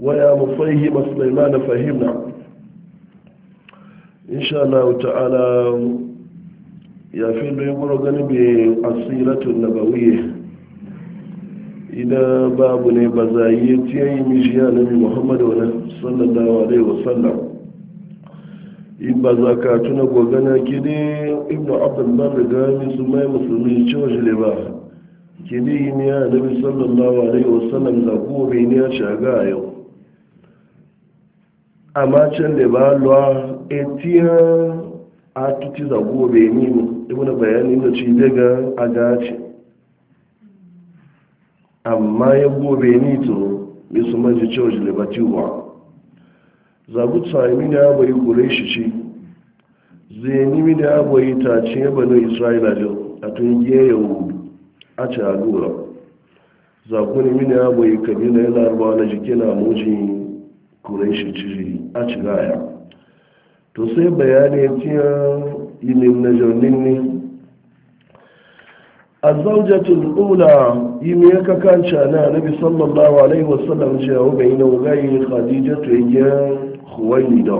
Waya amufan yi ma Suleiman na fahimta. Insha'Allah ya fi doyi gwarokanin bai asira tunanin bai wuye. Ina babu ne ba za'a iya tsayayin miji ya alamin Muhammadu wa na sallar da ware wa sallar? Imbaza ka tuna gwaggona, kida Ibn ya ce wa jireba, kida da ware wa sallar daga gobe amma can da ba luwa etiyan atuti tuti zago bai nemo ibu da bayanin da ci daga a amma ya gobe ni to ya su maji cewa jilibati wa zagu tsami da ya bai kure shi ci zai nimi da ya bai tace ya bane isra'ila jau a tun yi yau a ci a lura zagu nimi da ya bai kabila ya larabawa na jikina mojin kure shi ci a cigaya. gaya to sai bayani cikin ilimin na jirgin ne a zaujatul ula yi mai kakanca na nabi sallallahu alaihi wasallam cewa bai na wugayi khadija to yi huwailida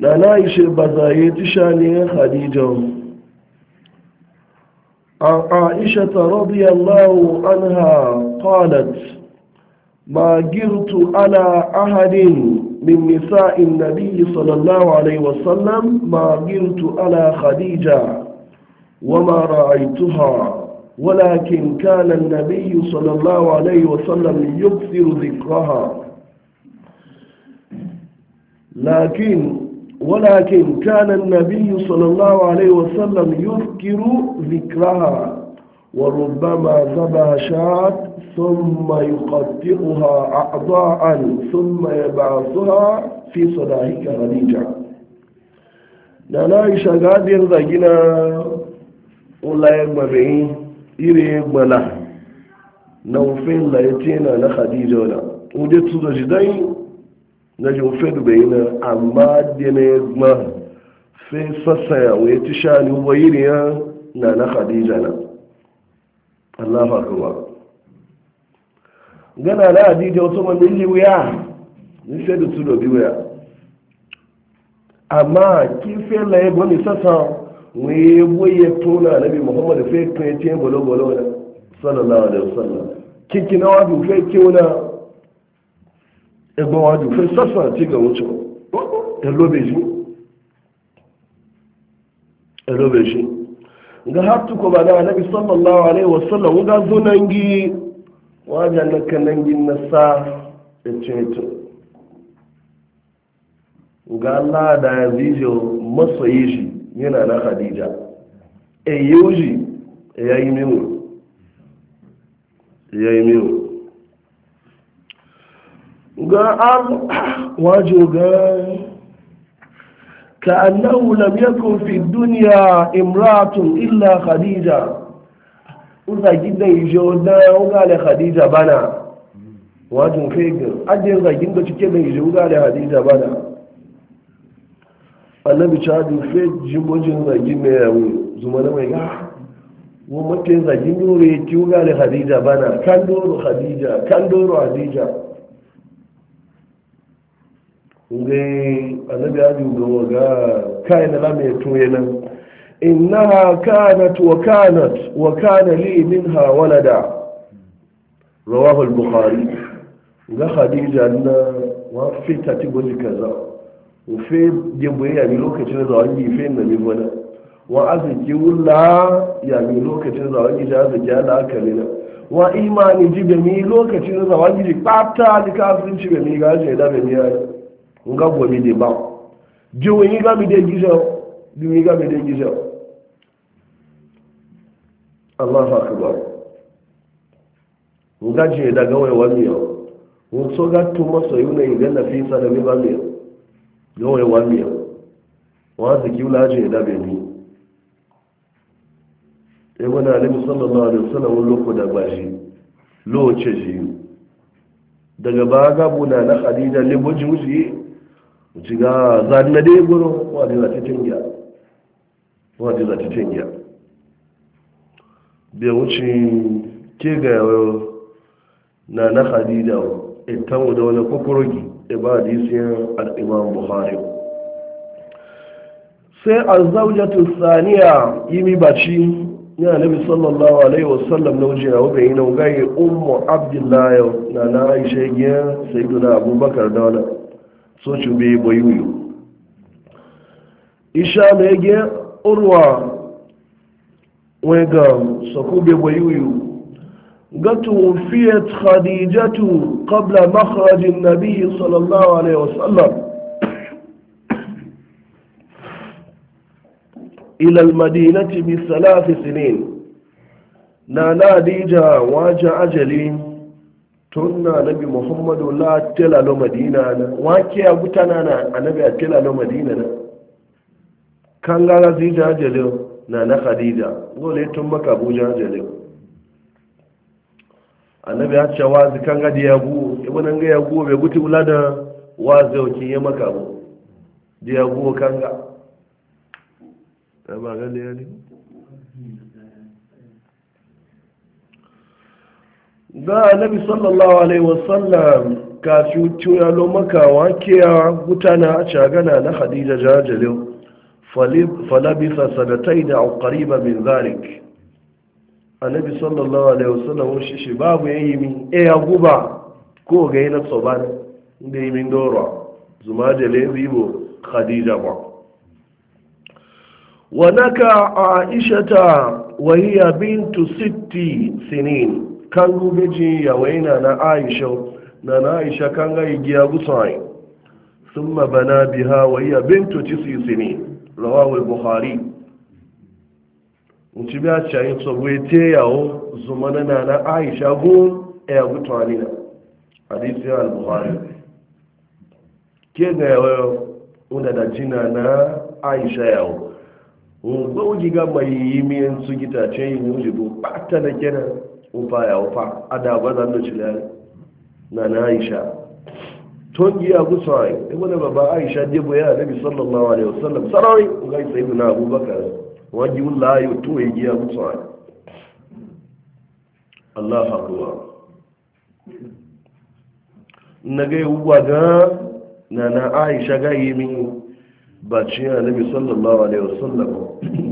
na na ishe ba za yi tisha ne khadija عن عائشة رضي الله عنها قالت ما جرت على أحد من نساء النبي صلى الله عليه وسلم ما جرت على خديجة وما رأيتها ولكن كان النبي صلى الله عليه وسلم يكثر ذكرها لكن ولكن كان النبي صلى الله عليه وسلم يذكر ذكرها وربما ذبح شاة ثم يقطعها أعضاء ثم يبعثها في صداهك خديجة نانا عائشة قادر ذاكنا ولا يقبل بعين إيري يقبل له نوفين لا يتينا لخديجة ولا وجدت سجدين نجم فد بين أما دين يقبل في سسا ويتشاني ويريا نانا خديجة Allah ba. gana da adija wasu yi wuya nufe da tudo bi wuya amma kife laye gwani sassa wai boye tona nabi muhammad fe kan yace bolo bolo na sallallahu alaihi wasallam kinki na wadu fe kiuna egbo wadu fe sassa ti ga wuce elobeji elobeji ga hatu ko ba da nabi sallallahu alaihi sallam ga zo nan gi wajen na kanan gi na sa da ceto ga Allah da ya zijo masoyi shi yana na Khadija e yuji ya yi mimu ya mimu ga an wajo ga كأنه لم يكن في الدنيا امرأة إلا خديجة وذا جدا يجودا وقال خديجة بنا واجن فيك أجل ذا جدا تكيبا يجودا وقال خديجة بنا annabi cajin fe jimbojin zagin mai yawo zuma na mai gaha wani mafi zagin dore ki wuga da hadija bana kan doro hadija kan doro hadija ngai annabi abu ga waga na lamme tuye nan innaha kanat wa kanat wa kana li minha walada rawahu bukhari ga khadija na wa fita ti gwaji kaza wa fe jembo ya ni lokacin da yi fe na ni bona wa aziki wula ya ni lokacin da wani da aziki ala akali na wa imani jibe mi lokacin da wani ji pata di ta jibe mi ga je da be mi nga mi de ba jiwo yi mi de du mi yi mi de gizo Allah akbar nga je daga wa wani yo wo so ga to so yuna yi fi sa da ba yo ga wa wani yo wa ki wala je da be ni e wani ali sallallahu alaihi wasallam ko da bashi lo ce ji daga ba ga buna na khadija le bujin shiga zaɗi na dai gudun wadda za ta cingiya wadda za ta cingiya bai wuce ke ga na na hadida ita da wani kwakwarogi da ba da isiyan al'imam buhari sai a zaujatu saniya yi mi baci ya nabi sallallahu alaihi wasallam na wuce yawo bai yi na gaye umar abdullahi na na aisha gyan sai duna abubakar da wani سوچو ci bi bayuyu isha mai ge urwa wai ga saku bi bayuyu توفيت خديجة قبل مخرج النبي صلى الله عليه وسلم إلى المدينة بثلاث سنين نانا ديجا واجا أجلين tunna nabi muhammadu la tela lo madina na wake ya gutana na anabi a tela lo madina na kan gara zija jalil na na khadija gole tun maka abuja jalil anabi ya cewa wazi kan gadi ya gu ibn ga ya gu bai guti wula da wazi o kin ya maka bu da ya gu kan ga ba ga ya ne da nabi sallallahu alaihi wasallam ka cuciya lo maka wake ya gutana a cagana na hadija jajalin falabisa sanatai da ƙariba min zarik nabi sallallahu alaihi wasallam shi shi babu ya yi min e ya guba ko ga yi na tsoban da yi min doro zuma jale zibo khadija ba wa a aisha ta wahiya bintu sitti sinin kan gube ji yawai na na aisha na na aisha kan gai giya gutsuwai sun mabana biha wayya bintu tisi sini rawawul buhari mutu biya cayi tsobuwe te yawo zumana na na aisha gun e ya gutsuwani na hadisi buhari ke ga yawo wanda da jina na aisha yawo gbogbo giga mai yi miyan su gitace yi ne wujibu ba ufa ya ufa adagwa zan da cile na na aisha ton giya gusa ai da baba aisha je bo ya nabi sallallahu alaihi wasallam sarai ga sayyidina abubakar waji wallahi to ya giya gusa ai Allah na ga ugwa ga na na aisha ga yi min bacin annabi sallallahu alaihi wasallam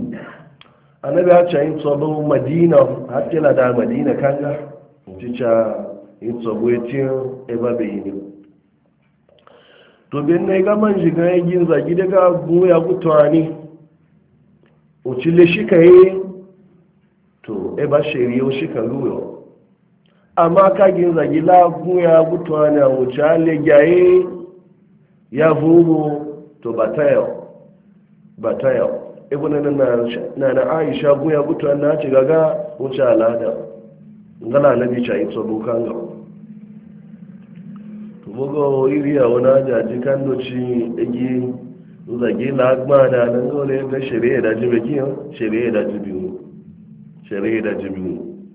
annabi hacca yin tsobo madina hacca na da madina kanga cica yin tsobo ya ce eba eh, bai ne to bin na ga man shiga ya gin zagi daga goya gutuwa ne ucile shi ka yi to eba eh, yau shi ka ruwa amma ka gin zagi la goya gutuwa ne a wuce alegyaye ya vubu to batayo batayo ibn na na aisha guya gutu na ci gaga wuce alada ngala na bi chai so bukan ga bugo iriya wani wana jaji kan doci egi zage lagma da nan gole ga shari'a da jibe kiyo shari'a da jibiu shari'a da jibiu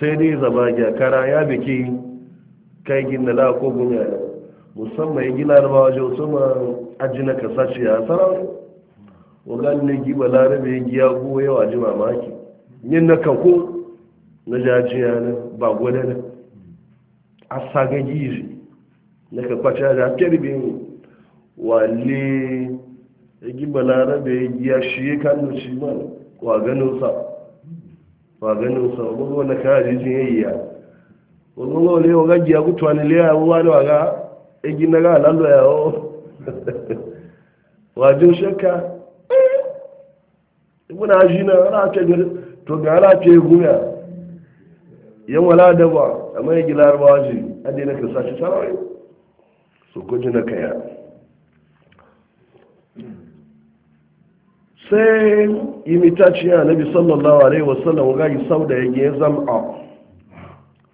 sai dai zaba ga kara ya biki kai gin da la ko gunya musamman gina rabawa jo suma ajina kasace a sarau wagan na giba larabe giya ko yawa ji mamaki yin na kako na jajiya na ba gwada na a saga gizi na ka kwace da kerbin wale giba larabe giya shi ya kanu shi ma wa ganin sa wa ganin sa wani wani kaji jin yayi ya wani wani wani wani giya kutuwa ne liya wani waga egin na ga lalwa yawo wajen shakka muna shi na ana ce to ga ana ce gumiya yan wala da ba a mai gila ba shi an dai na kirsa shi sarawai su kuji na kaya sai imitaciya na bi sallallahu alaihi wasallam wuga yi sau da ya gina zam'a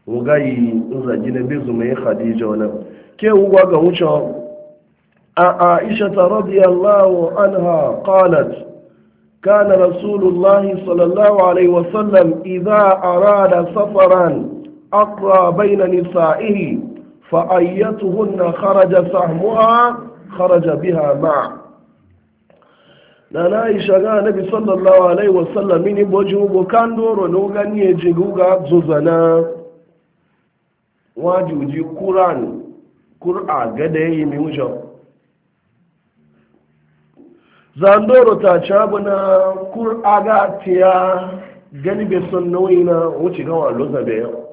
wugayi in zagi na bezu mai khadija wani ke wuga ga wucewa a aisha ta radiyallahu anha qalat كان رسول الله صلى الله عليه وسلم إذا أراد سفرا أقرى بين نسائه فأيتهن خرج سهمها خرج بها معه nana aisha ga nabi sallallahu alaihi wasallam mini boji ubo kan doro no gani e jigu ga zuzana wajuji quran qur'a ga da yi mi mujo zandoro ta cabu na kur aga tiya gani bai son nauyi na wuce ga wa loza bai yau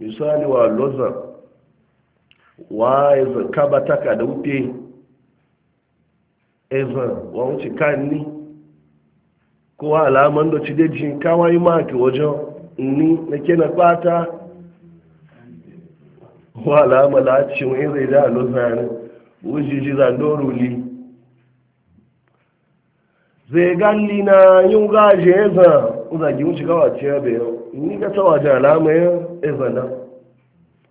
misali wa loza wa eza kaba taka da wuce ezan wa wuce kan ni ko alaman da ci kawo kawai maki wajen ni na kena fata wa alama lacin zai da loza ne wujiji zandoro ne zai galli na yin gaji ya zan zagi wuce gawace ya bayan ni ga tawa da alama ya zana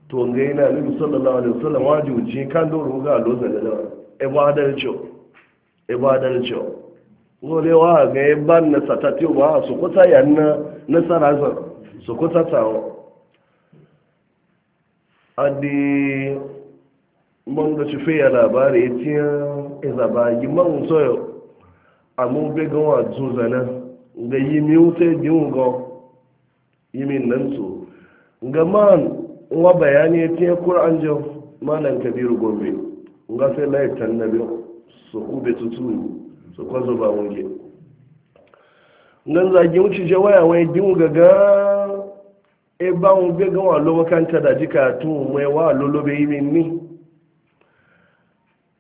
to ga yana nabi sallallahu alaihi wasallam waje wuce kan doro ga lozan da dawa ibadar cho ibadar cho gole wa ga yaban na satati wa su kuta yanna na sarazan su kuta tawo adi da ya labari izaba man soyo amu be gan wa ga yi miwute wuce bi yi min nan su ga man wa bayani ti qur'an jo malan kabiru gombe ga sai lai tan nabi so ku be tutu so ko ba wonge nan za wuce je waya wai gi ga ga e ba un be kanta da jika tu mai wa lolobe yi min ni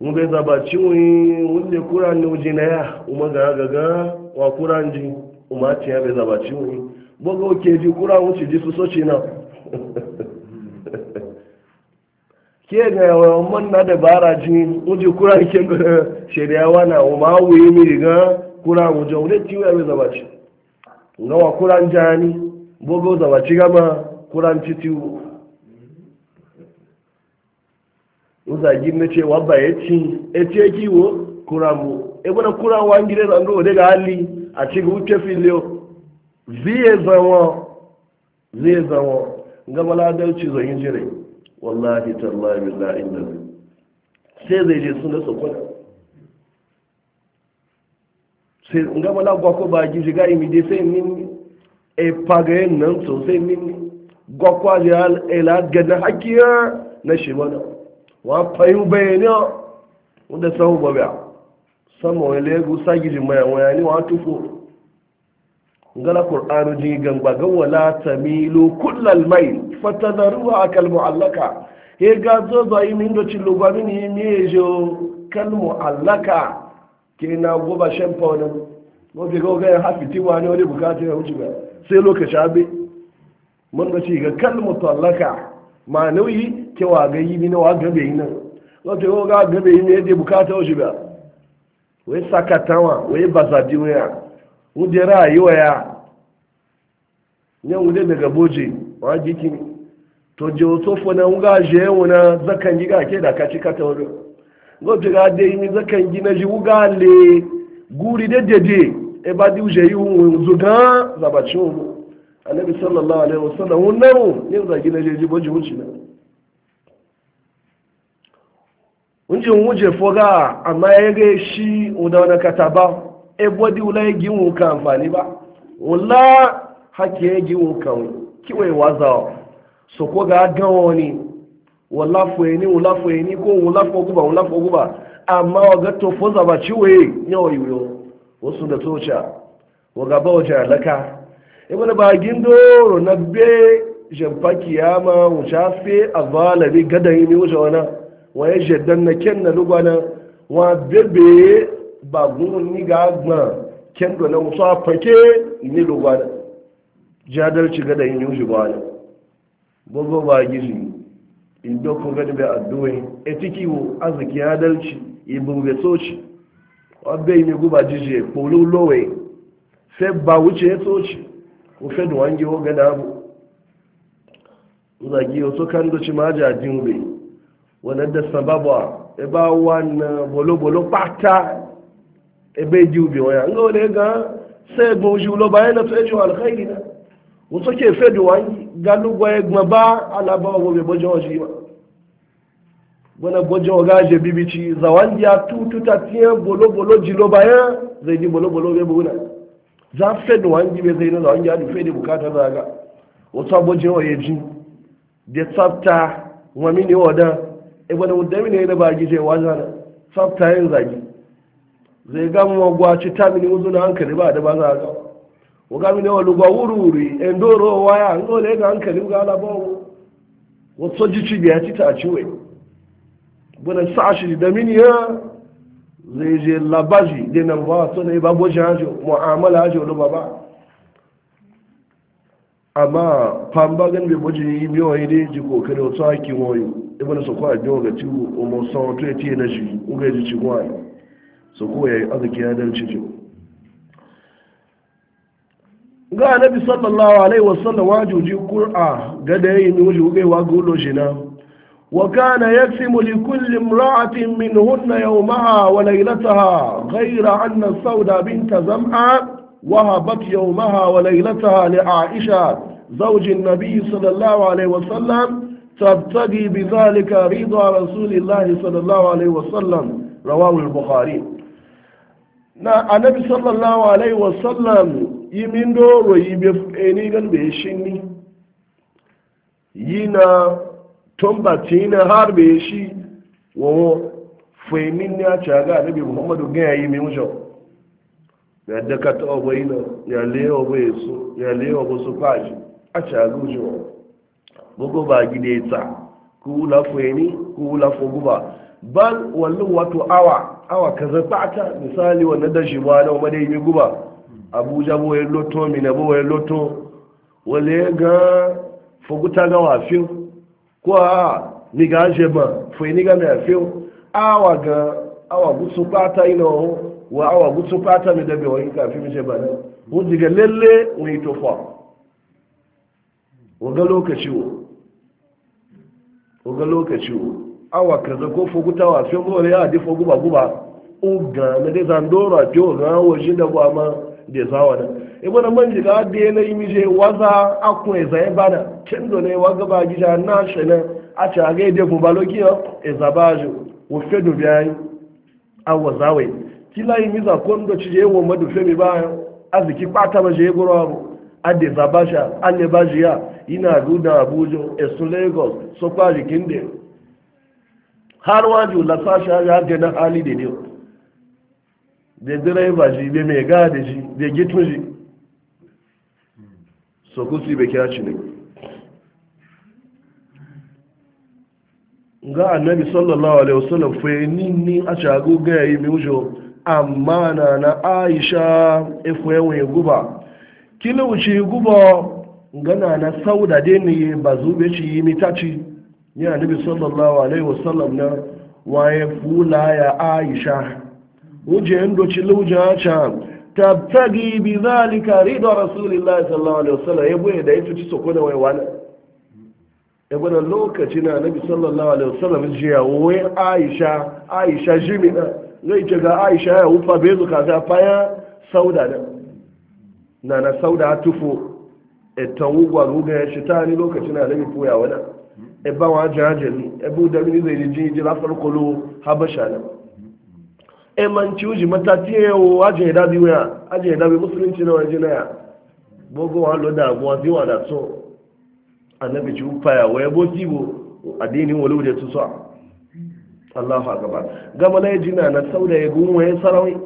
mube zaba ciwon wunde kuran ne uji na ya uma ga wa kuran ji uma ce ya bai zaba ciwon bogo ke ji kuran wuce ji su soci na ke ga man na da bara ji uji kuran ke shari'a wana uma wuyi mi riga kuran wuce wunde ya bai zaba ci wa kuran jani zaba ci gama kuran uzagi na ce wabba ya ci ya ce kiwo kuramu e bana kurawa ngire zando daga hali a ci wuce filiyo zie zawo zai zawo ga maladauci zan yi jire wallahi tallahi billahi inda sai zai je suna sokon sai ga malagwa ko ba gizi ga de sai min e pagayen nan sosai min gwa kwa ya e elad gana hakiya na shi wani wa fayu bayaniya wanda sahu ba biya sama wani lagos sagijin mai wani wa tufu ngala qur'anu ji gangba ga wala tamilu kullal mail fatadaru akal muallaka he ga zo yi min do ci lugwa min ni jo kal muallaka ke na goba shan fawon mo bi go ga hafi ti wani wani bukata ya wuce ba sai lokaci abi mun ga ci ga kal mutallaka ma nauyi ke wa ga yi ne wa gabe yi nan wato yau ga gabe yi ne da bukata wa ba wai sakatawa wai bazabi waya wuje rayuwa ya yan wuje daga boje wa jikin to je wato fona nga je wona zakan yi ga ke da kaci kata wani gobe ga dai ni zakan yi na ji wuga le guri da dede e ba di uje yi wun zuga zabacin wani annabi sallallahu alaihi wasallam wannan ne zagi na jeji boji wuce na unji wuje foga amma ya ga shi da wani kataba e bodi ula ya ka amfani ba wala hake ya gimu ka kiwai ga gawo ni wala ni wala ọ ibn bagin doro na be jamfa kiyama wuce fe a zalabi gadan yi wuce wana waye jaddan na ken na lugwana wa bebe bagun ni ga gba ken do na musa fake ni lugwana jadalci gadan yi wuce wana gogo ba gizi indo ko gani be adduwe etiki wo azaki adalci ibu be soci wa be ni guba jije polo lowe se ba wuce soci ofe da wange oga na abu zagi wasu kan doci majajin ube wadda da sababa ebe wannan bolo-bolo pata ebe ji ube waya an wani ga sai egbe ji, ulo bayan na tsaye e jiwa alkhairi na wasu ke fe da wange galugwa egbe ba alabawa gobe bojan waje ba wani bojan waga je bibici za wange ya tututa tiyan bolo-bolo ji, jilo bayan zai ji bolo-bolo bebe wuna za fe da wangi zai na wangi hadu fe da bukata za ga wata bojin wa ji. da tsafta wa mini wada e bada wadda mini yana ba gije wa zana tsafta yin zagi zai ga gwaci ta mini wuzu na hankali ba da ba O ga wa ga mini walu gwa wuri endoro waya hankali ala biya zai je labaji da nan ba su ne ba bujin hajo mu'amala hajo luba ba amma fambagan bai buji yi miyo yi ne ji kokari wasu haki wayo ibn su kwa biyo ga ciwo umar sautu ya ce na shi uga ji cikin wayo su koya yi arziki ya dan cikin ga nabi sallallahu alaihi wasallam wajuji kur'a ga da yayi ni wuji ugewa gulo shi na وكان يقسم لكل امرأة منهن يومها وليلتها غير أن السودة بنت زمعة وهبت يومها وليلتها لعائشة زوج النبي صلى الله عليه وسلم تبتغي بذلك رضا رسول الله صلى الله عليه وسلم رواه البخاري na annabi sallallahu alaihi wasallam yi min doro yi be eni gan be shinni yi na tomba har bai shi wawo faimin ya ci aga nabi muhammadu gaya yi mai wuce ya daga ta ọgbọ ina ya lewa bu esu ya lewa bu su fashi a ci aga wuce wa gbogbo ba gide ta kula faimi kula foguba ban wallon wato awa awa ka zaɓa ta misali wannan da shi ba na wadda yi guba abuja bo ya loto mina ya loto wale ga foguta ga wafin ko a ni ga ma foi ni ga me afi awa ga awa gutsu pata ino wa awa gutsu pata mi da be wani ka fi mi je ba mu diga lalle mu yi tofa ga lokaci wo ga lokaci wo awa kaza ko foguta wa fi mo ya di fogu ba guba o ga na de zandora jo ga wo jinda ba de ibo na manji ga da na yi mije waza akun eza ya bana can da ne waga ba gida na shi na a ci a gaide kun ba loki ya eza ba ji wufe dubi ya yi an waza wai kila yi miza ko ci je wo madu fe mi ba aziki pata ba je goro abu ade za ba sha alle ba ji ya ina ruda abuja esu lagos so kwa jikin de har waju la sasha ya ga na hali de ne da direba ji da mai gada ji da gitun ji so kusi bai kya ci ne ga annabi sallallahu alaihi wasallam fe ninni a shago ga yi mi wujo amma na na aisha efu yawon guba kila wuce guba gana na sauda da ne bazu zube ci yi mitaci ya anabi sallallahu alaihi wasallam na waye fula ya aisha wuje ndo ci luja cha tabtagi bi zalika ridwa rasulillahi sallallahu alaihi wasallam ya boye da yato ci ko da waiwana ya gwada lokaci na nabi sallallahu alaihi wasallam jiya wai aisha aisha jimina zai ce ga aisha ya wufa bezu ga faya sauda da na na sauda tufo etan wugwa ruga ya shi ta ni lokaci na nabi fuya e ba wa jajali e bu da ni zai ji ji lafar kolo habasha na emanci uji matati yawo ajin idabi wuya ajin idabi musulunci na waje na ya bogo wa lo da abuwa ziwa da so annabi ci ufaya bo yabo kibo addinin wani wuje tusa Allahu akbar gama na jina na sauda ya gunwa ya sarawi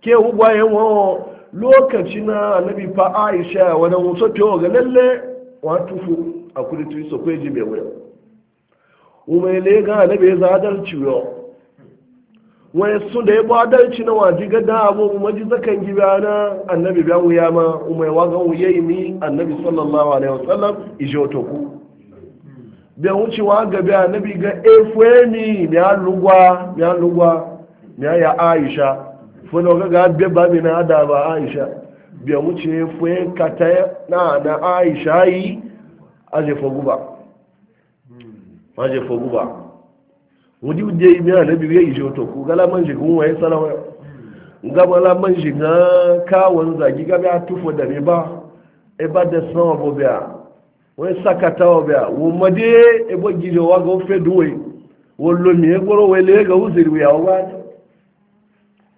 ke ugwa ya wo lokaci na annabi fa Aisha wani mutu to ga lalle wa tufu akuri tuiso ji be wuya umele ga annabi za zadar ciwo wani su da ya bu adalci na waji ga da abu umaji zakan giba ana annabi biya wuya ma umai waga wuya yi mi annabi sallallahu alaihi wasallam ije wato ku biya wucewa ga biya annabi ga efuwe mi mi lugwa mi lugwa mi ya aisha funa ga ga biya ba mi na hada ba aisha biya wuce efuwe kata na na aisha yi aje foguba aje foguba wudi wuje yi miya na biyu ya ishe to ku gala man shiga mun waye salawa gaba la man kawon zagi gaba ya tufo da ne ba e ba da san wa bobia wai sakata wa bia wo made e bo gijo wa go fe duwe wo lo mi e goro we le ga uziri ya wa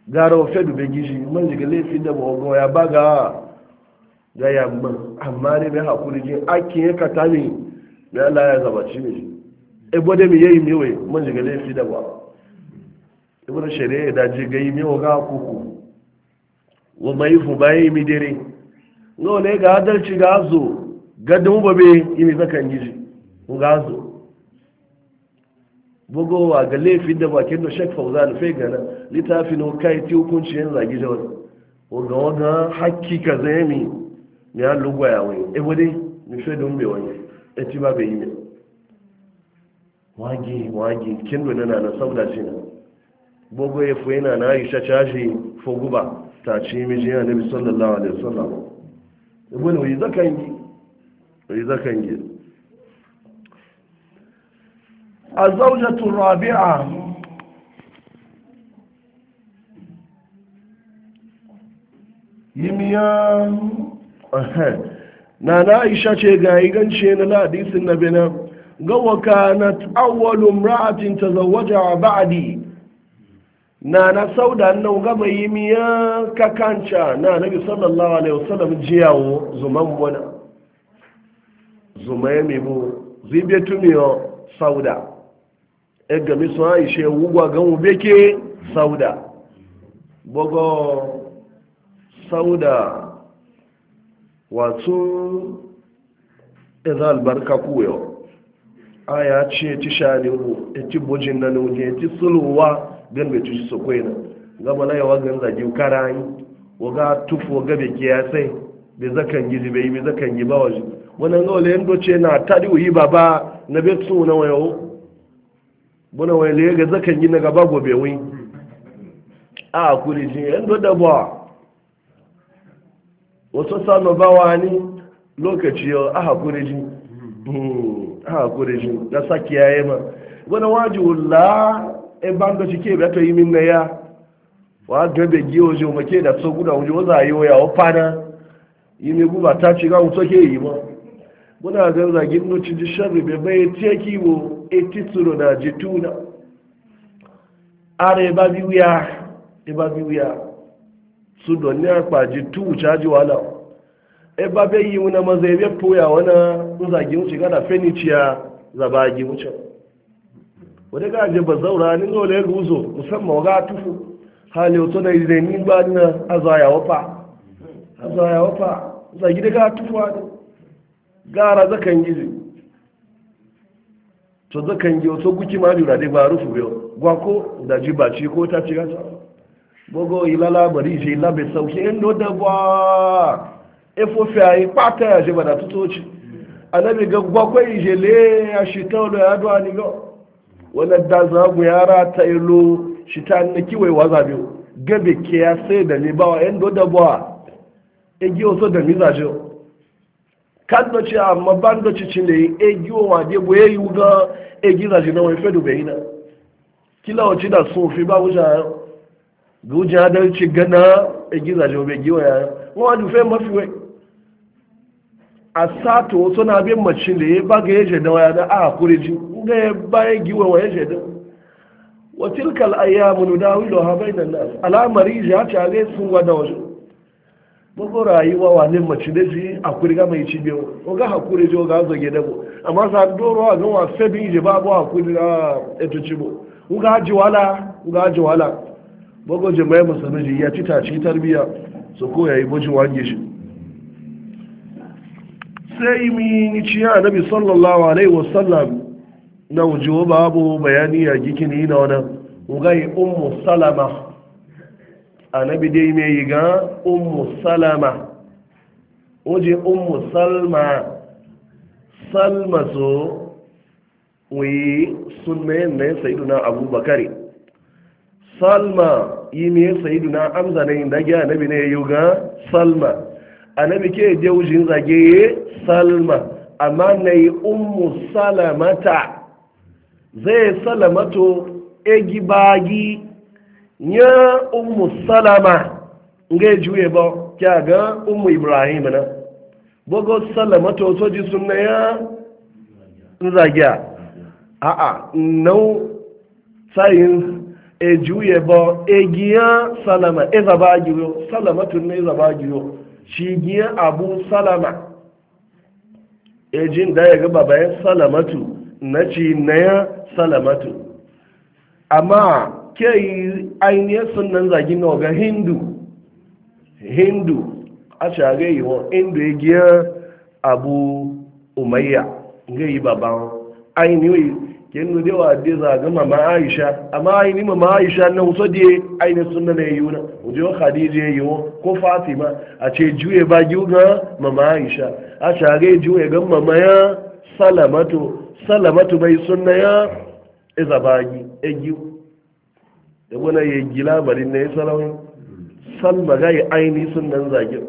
garo fe du be gishi man shiga le fi da bo go ya baga ga ya amma ne be hakuri je ake ka tani ya Allah ya zabaci mi ebo da mi yayi miwe mun jiga fi da ba ebo da shari'a da jiga yi miwa ga kuku wa mai fu bayi mi dare no ne ga adalci ga zo gadin e ba be yi mi zakan yi ga zo wa ga fi da bakin da shek fauza da fai gana littafin kai ti hukunci yin zagi da wani waga waga haƙƙi ka zai mi ya lugwa ya wani ebo dai mi fai don bai wani ya ci ba bai yi mai wagi wage kendo na na sauda shi na gbogbo ya fi yana na aisha cashi foguba ta ci miji na nabi sallallahu alaihi wasallam ibn wai zakan yi wai zakan yi rabi'a yimiya na na Aisha ce ga igance na ladisin na benin gawa ra'atin ta imra'atin a ba'adi na na sauda nan gaba yi miya kakanca na nabi sallallahu alaihi wasallam jiyawo zuman wani zuma ya mebu zibe tumiyo sauda e gami sun aishe wugwa gan beke sauda bogo sauda wato ezal barka kuyo aya ce ti shani mu ti bujin nan wuje ti sulwa gan be tuji so kwena gaba na yawa gan zagi karai ga tufu waga be kiya sai be zakan gizi be be zakan yi ba waje wannan ga wala yando ce na tadi uyi baba na be tsu na wayo bona waye le ga zakan yi na gaba gobe wi a kuri ji yando da ba wasu sanu bawa ni lokaci yau a hakuri ji hmm. ha shi da saki yayi ma wani waji wula e banga shi ke bata yi min na ya wa gabe gi je ma ke da so guda wuje waza yi ya o fana yi mi guba ta ci ga mutu ke yi ma muna ga zagin no ci sharri be bai teki wo etitsuro na jituna are ba biwiya e ba biwiya e su don ne akpa jitu chaji wala eba be yi wuna maza ebe poya wana nzagi wuce gada feniciya ba gi wuce wadda ga je zaura ni zo le guzo musamman waga tufu hali wato na izini ni ba na azaya wapa azaya wafa zagi ga tufu wani gara zakan gizi to zakan gi wato guki ma lura dai ba rufu biyo gwako da ji baci ko ta ci gasa bogo ilala bari shi labe sauki ndo da ba efofi ayi pata ya jeba da tutoci annabi ga gwakwai jele ya shita da ya duwa ni ga wannan da zagu yara ta ilo shita na kiwai waza biyu gabe ke ya sai da ne bawa yan doda bawa egi oso da mizaje kan do ci amma ban do ci cile egi o wa de boye yu ga egi zaje na wai fedu na kila o ci da sun fi ba wuja guja da ci gana egi zaje o be giwa ya wa du fe mafi wai a sato suna bin macin da ya baga ya waya na a kuriji ga ya baya giwa wa ya jada wa tilkal ayyamu nudawilu ha bainan nas alamari ya ta ga sun gwada waje mugo rayuwa wa ne da ji a kuriga mai cibe o ga hakuri jo ga zage dabo amma sa doro ga wa sabin je babu hakuri da eto cibo u ga ji wala ga ji wala mugo je mai ya ci ta ci tarbiya su ko bujin wange sai mi ni ya nabi sallallahu alaihi wasallam na wujewa babu bayani a gikini na wani ugai ummu salama annabi dai mai yi ga ummu salama waje ummu salma salma so wuyi sun mai na abubakar salma yi mai na amza na yin dagiya annabi ne yi ga salma annabi ke je wujin zage salma amma na yi ummu salamata zai salamato egi bagi ya ummu salama nga juye ba kya ga ummu ibrahim na bogo salamato so ji sunna ya a a nau sayin e juye ba egiya salama e zaba giyo salamatu ne zaba giyo cigiyar abu salama ejin da ya gaba bayan salamatu na ci na ya salamatu amma ke yi ainihin sunan zagin na waga hindu hindu a shage yi wa ya giya abu umayya ga yi baban ainihin kinu da wa de za ga mama Aisha amma ai ni mama Aisha na so de ai ne sunna ne yuna ujo Khadija yo ko Fatima a ce juye ba juga mama Aisha a ga juye ga mama ya salamatu salamatu bai sunna ya iza bagi egi da wani ya gila ya ne san salma ga yi aini sunnan zagin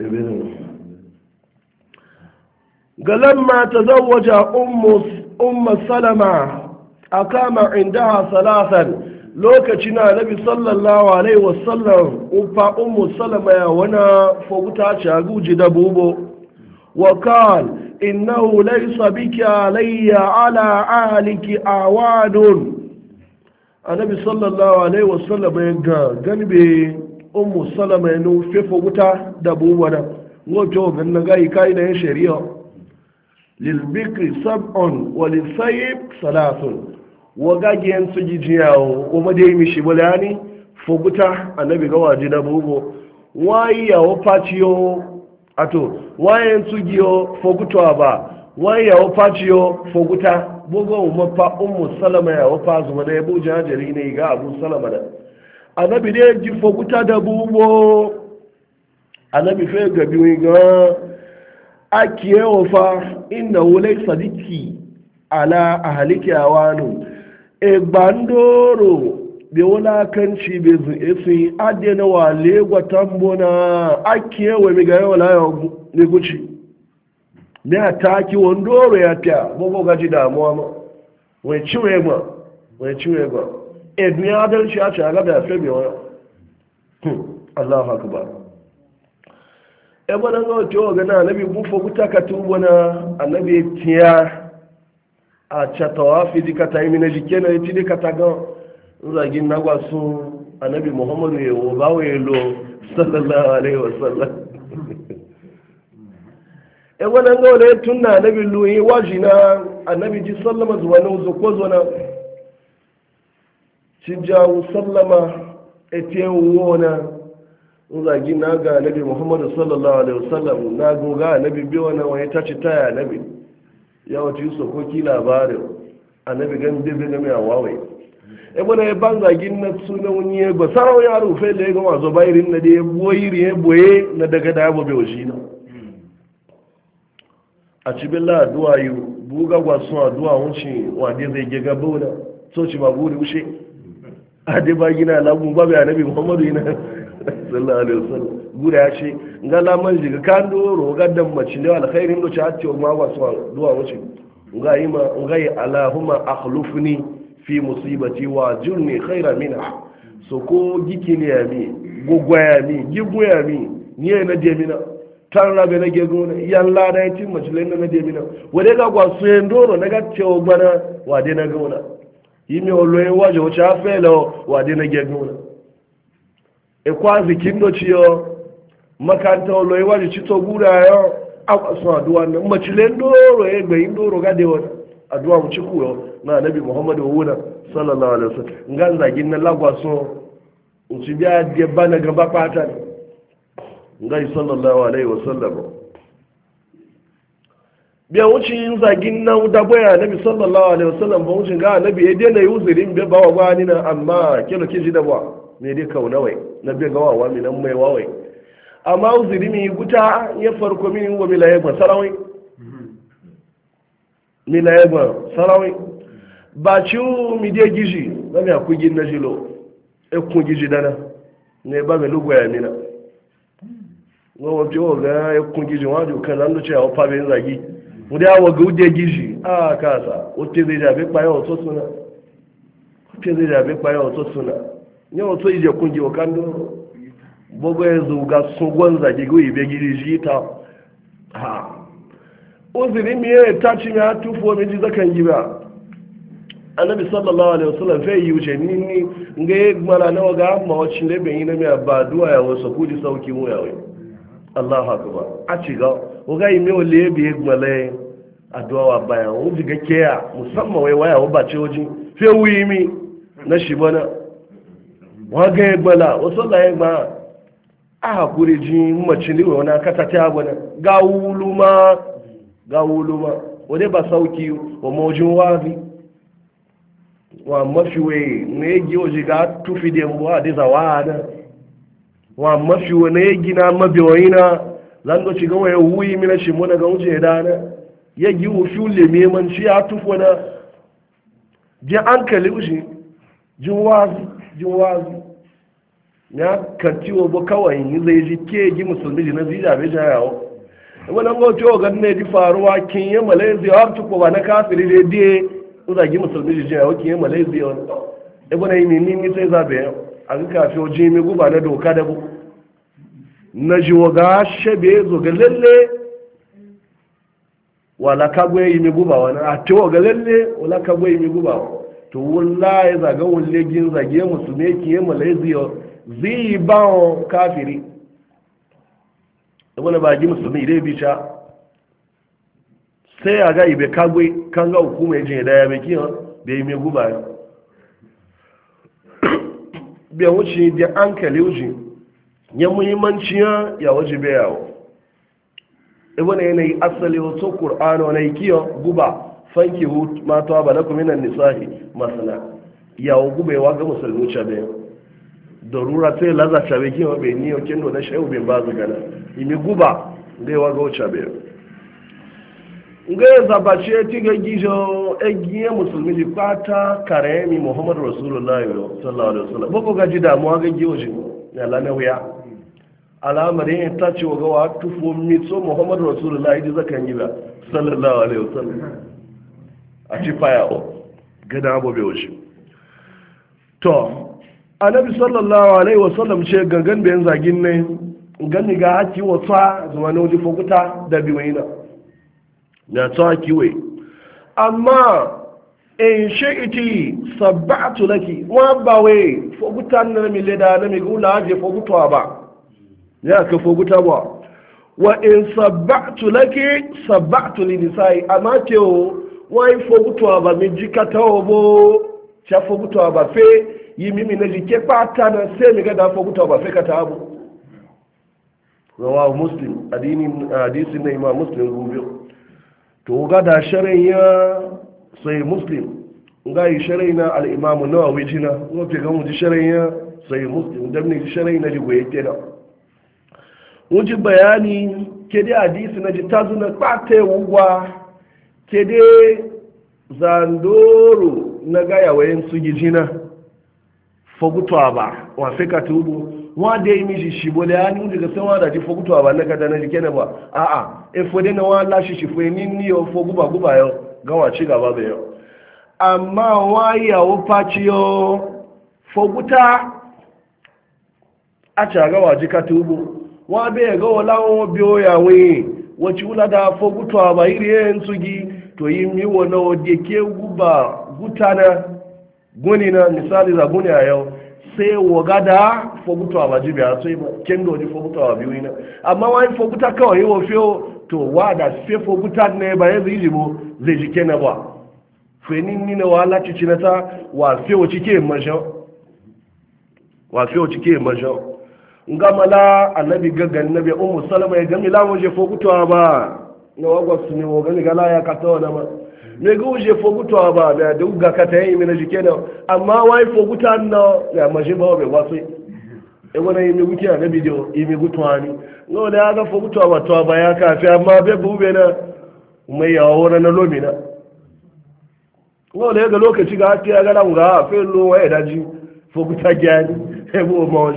Ebenin galamma ta zawaja umma salama a kama indaha salasan lokaci na nabi sallallahu alaihi wasallam ufa ummu salama ya wana foguta ci a guji da bubo wa kal innahu laysa bika alayya ala ahliki awadun annabi sallallahu alaihi wasallam ya ga ganbe ummu salama ya nufe foguta da bubo na wato ganin gayi kai da shari'a lilbikri sab'un wa lisayib salatun wa gagiyan su jijiyawo o madai mi shi bulani foguta annabi ga waji na bugo wayi yawo paciyo ato wayen su giyo foguta ba wayi yawo paciyo foguta bugo umma fa? ummu salama yawo fa zuma da bu jajiri ne ga abu salama da annabi dai ji foguta da bugo annabi fe gabi wi ga akiye wofa inda wulai sadiki ala ahaliki awanu e gbandoro be wulakanci be zuefi ade na wale gwatambo na akiye wa miga yawa layo ne guci ne a taki wandoro ya fiya gbogbo gaji damuwa ma wai ciwe ma wai ciwe ma e duniya adalci a ci a gaba ya fi bewa Allah akbar. ebe na ga otu gana anabi bufo guta ka tubo anabi tiya a chatawa fi dikata imine na jike na iti dikata ga nzagi n'agwa gwasu anabi muhammadu ya wo ba wa lo sallallahu alaihi wasallam ebe na ga wani anabi luyi wajina anabi ji sallama zuwa na uzo ko zuwa na ci jawo sallama etiyan wo zagi na aga nabi muhammadu sallallahu alaihi wasallam na goga nabi bi wannan wani ta taya nabi ya wata yi sokoki labarin a nabi gan dabi e e na mai wawai e bana ya ban zagi na suna wani ya ba sarau ya rufe da ya gama bayirin na da ya boyiri ya e boye na daga da ya bobe wa shi na a cibin la addu'a yi buga gwasun addu'a wuce wade zai gega bauna so ci ba buri wuce a dai ba gina lagun ba bai muhammadu yana sallallahu alaihi wasallam guda ya ce ga lamar jiga kan do rogar da mace ne alkhairin do cha ce ma ba su duwa wuce ga yi ma ga yi allahumma akhlufni fi musibati wa jurni khaira minha so ko giki ne ya mi gogwa ya mi gigu ya mi ni ya na demina tan rabe na gego na yan la ya tin mace le na demina wade ga so su endoro na ga cewa gbana wade na gona yi mi oloyin waje wuce afelo wade na gego na ikwa e zikin do ciyo makanta olo iwa e ji cito gura yo akwa sun aduwa ne mba cile ndoro ya e gbe ndoro ga wa wani aduwa mu ciku yo na nabi muhammadu wuna sallallahu alaihi wasallam ngan zagin na lagwa so uci biya de bana gaba pata ngai sallallahu alaihi wasallam biya wucin zagin na da baya nabi sallallahu alaihi wasallam ba wucin ga nabi ya dena yi bawa gwani na amma kelo kiji da ba me dai na wai na bai ga wawa mi nan mai wawai amma uzuri mi guta ya farko mini wa mi laye gban sarawai mi laye gban sarawai ba ci mi dai gizi na mi akugin na jilo e kun gizi dana ne ba mi lugwa ya mina wọn wọ́n tí wọ́n gan ẹkùn gíjì wọ́n á jù kan lánàá tí àwọn pàbí ń zàgí mo dé àwọn gòó dé gíjì áà káàsà ó tẹ́lẹ̀ ìjà bí payọ́ ọ̀tọ́ tún náà ó tẹ́lẹ̀ ìjà bí payọ́ suna? yawan so ije kungi wa kan doro bugu ya ga sun gwanza gigu ibe gidi ta ha uzuri mi ta ci mi ha tufo mi zakan giba annabi sallallahu alaihi wasallam fai yi wuce ni ni nga ya na waga ma wacce ne ben yi na mi ba duwa ya wasu kuji a ga yi mi gbala musamman wuyi na waga ya gbala wasu la ya gba a hakuri ji mace ne na kata ta gwada ga wulu ga wulu ma wani ba sauki wa mawajin wazi wa mafi wai na ya gi waje ga tufi da yambo a dai zawa na wa mafi na ya gina mabiyoyi na zan ga ci gawa ya wuyi mina shi muna ga wuce da na ya gi wufi lememanci ya tufu na je an kali wuce jin wazi jin wazi ya kanci wa kawai zai ji ke ji musulmi ji na zija bai jayawo wani an gauce gani ganin ji faruwa kin yi malaysia har tukwa ba na kafiri dai dai uzagi musulmi ji yawo kin yi malaysia wani ibu na yi nini ni sai zabe yau a ga kafi o jimi guba na doka da bu na ji wa ga shabe zo ga lalle wala kagwe yi mi guba wani a te ga lalle wala kagwe yi mi guba wani to wula ya zaga wule gin zage musulmi ki yi malaysia zai ba kafiri wani ba gi musulmi idai bicha. sai aga ibe kagwe kan ga hukuma jin da ya mai kiyan bai mai guba ya bai wuce da an kale ya muhimmanci ya ya waje yawo ibi ne yanayi asali wasu ƙur'ano na ikiyan guba fanki hut mata ba lakum minan nisahi masana ya ugu bai wa ga musulmi chabe darura sai laza chabe ki wa bai niyo kendo na shehu bin bazu gana imi guba dai wa ga chabe ngai ce ti ga gijo egiye musulmi di kwata mi muhammad rasulullahi sallallahu alaihi wasallam boko ga ji damuwa ga giwo ji ya lana wuya alamarin ta ce wa ga wa tufo mitso muhammad rasulullahi da zakan yi ba sallallahu alaihi wasallam a ci fayawo gada abu bai wuce to annabi sallallahu alaihi wasallam ce gangan bayan zagin ne gani ga haki wata zuwa na wajen fokuta da biwaina na ta wai amma in sabba a tulaki wa wai fokuta na mi leda na mi gula je fokuta ba ya ka fokuta ba wa in tulaki sabba sabbatu tulini sai amma ce wọ́n butu aba méjì kata ọ̀bọ̀ ṣe fogutu àbà fẹ́ yìí mímì náà na pátá náà gada fo butu aba fe kata àbọ̀. rawahu muslim hadisi na imam muslim gobe to gada sharin ya sai muslim Nga yi sharin na al'imamu nawawi jina wafi ga muji sharai ya sai muslim da ne sharai na jigoye kenan wuji bayani kedi hadisi na ji tazuna kpata yawuwa ke dai zandoro na gaya wayan su gijina fagutuwa ba wa fi ka tubu wa da yi mishi shi bole ya nuna daga sanwa da ji fagutuwa ba na kada na jike na ba a'a efo dai na wa lashi shi fue ni ni yo fo guba guba yo gawa ci gaba da yo amma wa ya wo faci yo faguta a ci gawa ji ka tubu wa bai ga wala wo biyo ya wani wacce wula da fagutuwa ba iri yin su gi to yi mi na wadda ke guba gutana guni na misali za guni a yau sai waga da fokuta a majibi a sai ken da wani a biyu na amma wani fokuta kawai yi wafiyo to wa da sai fokuta ne ba yanzu zai jibo zai ji na ba fenin ni na wahala cici na ta wa sai wa cike mashan wa sai wa cike mashan ngamala annabi na nabi Umu salama ya gami lamun je fokuta ba na wagwa su ne wogani gala ya kata wani ma ne ga uje ba da da ga kata yi mina jike na amma wai foguta na ya maji ba bai wasu e wani yi mi a na bidiyo yi mi gutu wani ya ga a ba to ba ya kafi amma bai bube na mai yawa wani na lomina na ya ga lokaci ga hati ya ga nan ga fe lo wa daji foguta gyani ma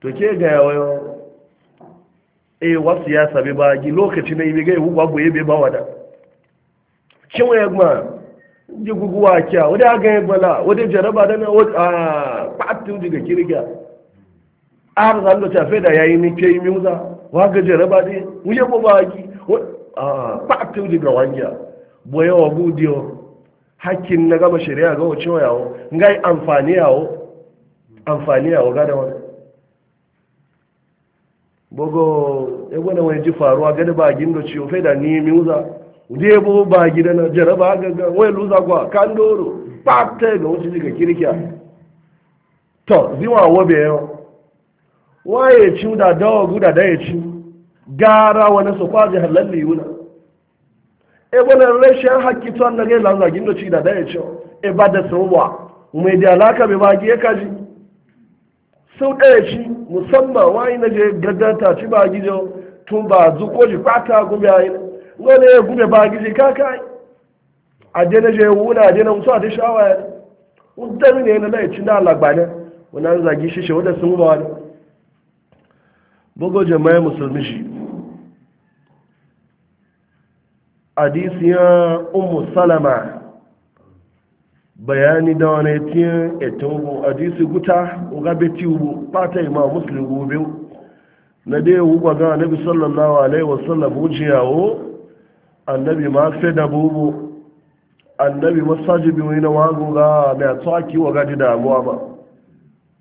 to ke ga e wasu ya sabi ba gi lokaci na ibe gai wuwa bu ebe ba wada Kin waya ma ji guguwa kya wadda aga ya bala wadda jaraba da na wadda a patin daga kirga ar zan da tafe da yayi ni ke yi muza waga jaraba ne wuye ba ba gi a patin daga wanya boye wa gudiyo hakkin na gama shari'a ga wace wayawo ngai amfani yawo amfani yawo ga da wani bogo ya wani ji faruwa gada ba gindo ci ofe da ni mi uza ndi ya ba gida na jaraba gaga wani luza kwa kan doro pata ga wasu jika kirkiya to ziwa wabe yau waye ci da dawa guda da ya ci gara wani su kwaji halalli yuna e wani rashin hakki tuwan na gaila zagin da ci da da ya ci e ba da sauwa mai da alaka bai ba ya kaji sau ɗaya shi musamman wani na je gaggata ci ba gijo tun ba zuko ji kwata gube a yi wani ya gube ba gijo kaka yi a je na je wuna a je na musu a ta shawa ya wani ne na laici na alagbane wani an zagi shi shi wadda sun ba wani bugu jama'a musulmi shi hadisiyan ummu salama bayani da wani tiyan etobo a jisi guta ugabe tiwu fata ima muslim gobe na dai wuba ga annabi sallallahu alaihi wasallam wujiyawo annabi ma fe da bubu annabi masajibi wani na wago ga mai tsaki wa gaji damuwa ba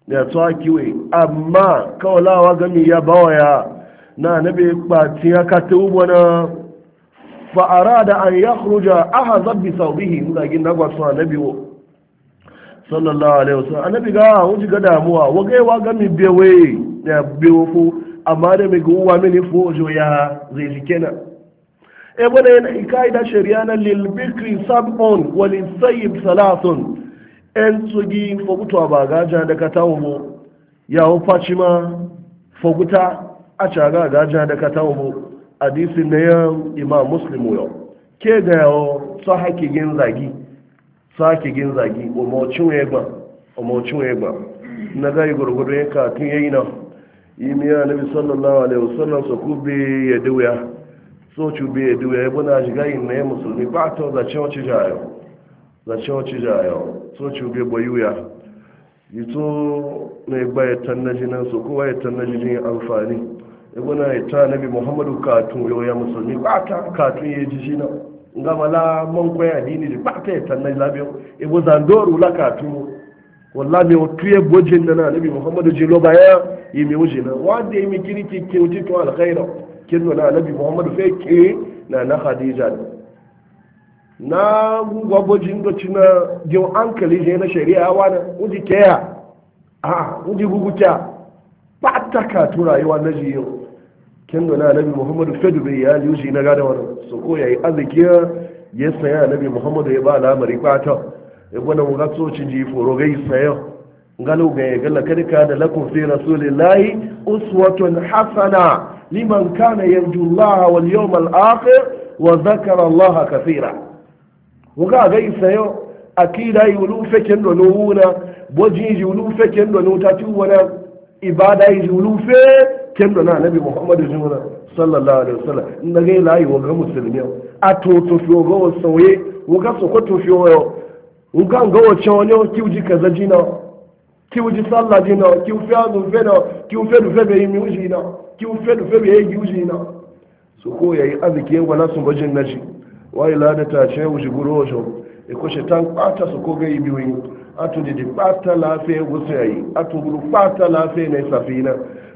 mai tsaki wai amma kawalawa gami ya bawa ya, na annabi kpati ya kata ubu na fa'ara da an ya kuruja aha zabbi sau bihi mugagin nagwasu annabi wo sallallahu alaihi wasallam annabi ga wuji ga damuwa wagai wa ga mi bewe da bewo fu amma da mi guwa mini fu jo ya zai kenan. e bana yana ikaida sharia na lil bikri sabon wa lil sayyib salasun en tsugi foguto ba gaja da tawo ya wo facima foguta a caga gaja da tawo hadisin na yan imam muslimu yau ke ga yawo sahaki gin zagi sake gin zagi gị ya ba umocin na gari gurgudu ya katụ ya yi nan yi miya na bi sallallahu alaihi wasallam su ku bi ya duya so cu bi ya duya ya shiga yin na ya musulmi ba ta zace wace jayo zace jayo so bi yi to na ya baya tannaji nan su kowa ya tannaji jin amfani ya ya nabi muhammadu katun musulmi ba ta katun ya na. nga la mon ko ya dini di parte tan na labe e bo zandoru la ka tu wallahi o tuye bo na na nabi muhammadu jilo ya yi mi o jinna wa de mi kiri ki ki ti to alkhaira no na nabi muhammadu fe ki na na khadija na bo bojin do cina je ankali je na shari'a wana uji keya a ah, uji guguta ba ta ka tu rayuwa na jiyo kin da nabi muhammadu fedu bai ya yuji na gada wani su ko ya yi arzikiya ya saya nabi muhammadu ya ba al'amari kwata ya gwada mu ga tsocin ji foro gai saya galo ga ya galla kadika da lakum fi rasulillahi uswatun hasana liman kana yarju Allah wal yawmal akhir wa dhakara Allah kathira wuga gai saya akida yulu fekin da nuhuna bojin yulu fekin da nuta tuwana ibada yulu fekin kendo na nabi muhammadu jimuna sallallahu alaihi wasallam na gai layi wa ga musulmi a to to fiyo ga wa sauye wa ga so ko to fiyo yo wa ga ga wa chonyo ki uji kaza jina ki uji sallah jina ki u fiya do fe no ki u fe do fe be mi uji na ki u fe do fe be yi uji na so ko yayi azike wala sun bajin naji wa ila da ta ce uji gurojo e ko shetan kwata so ko ga yi biwi atu di di kwata lafiya gusayi atu guru kwata lafiya na safina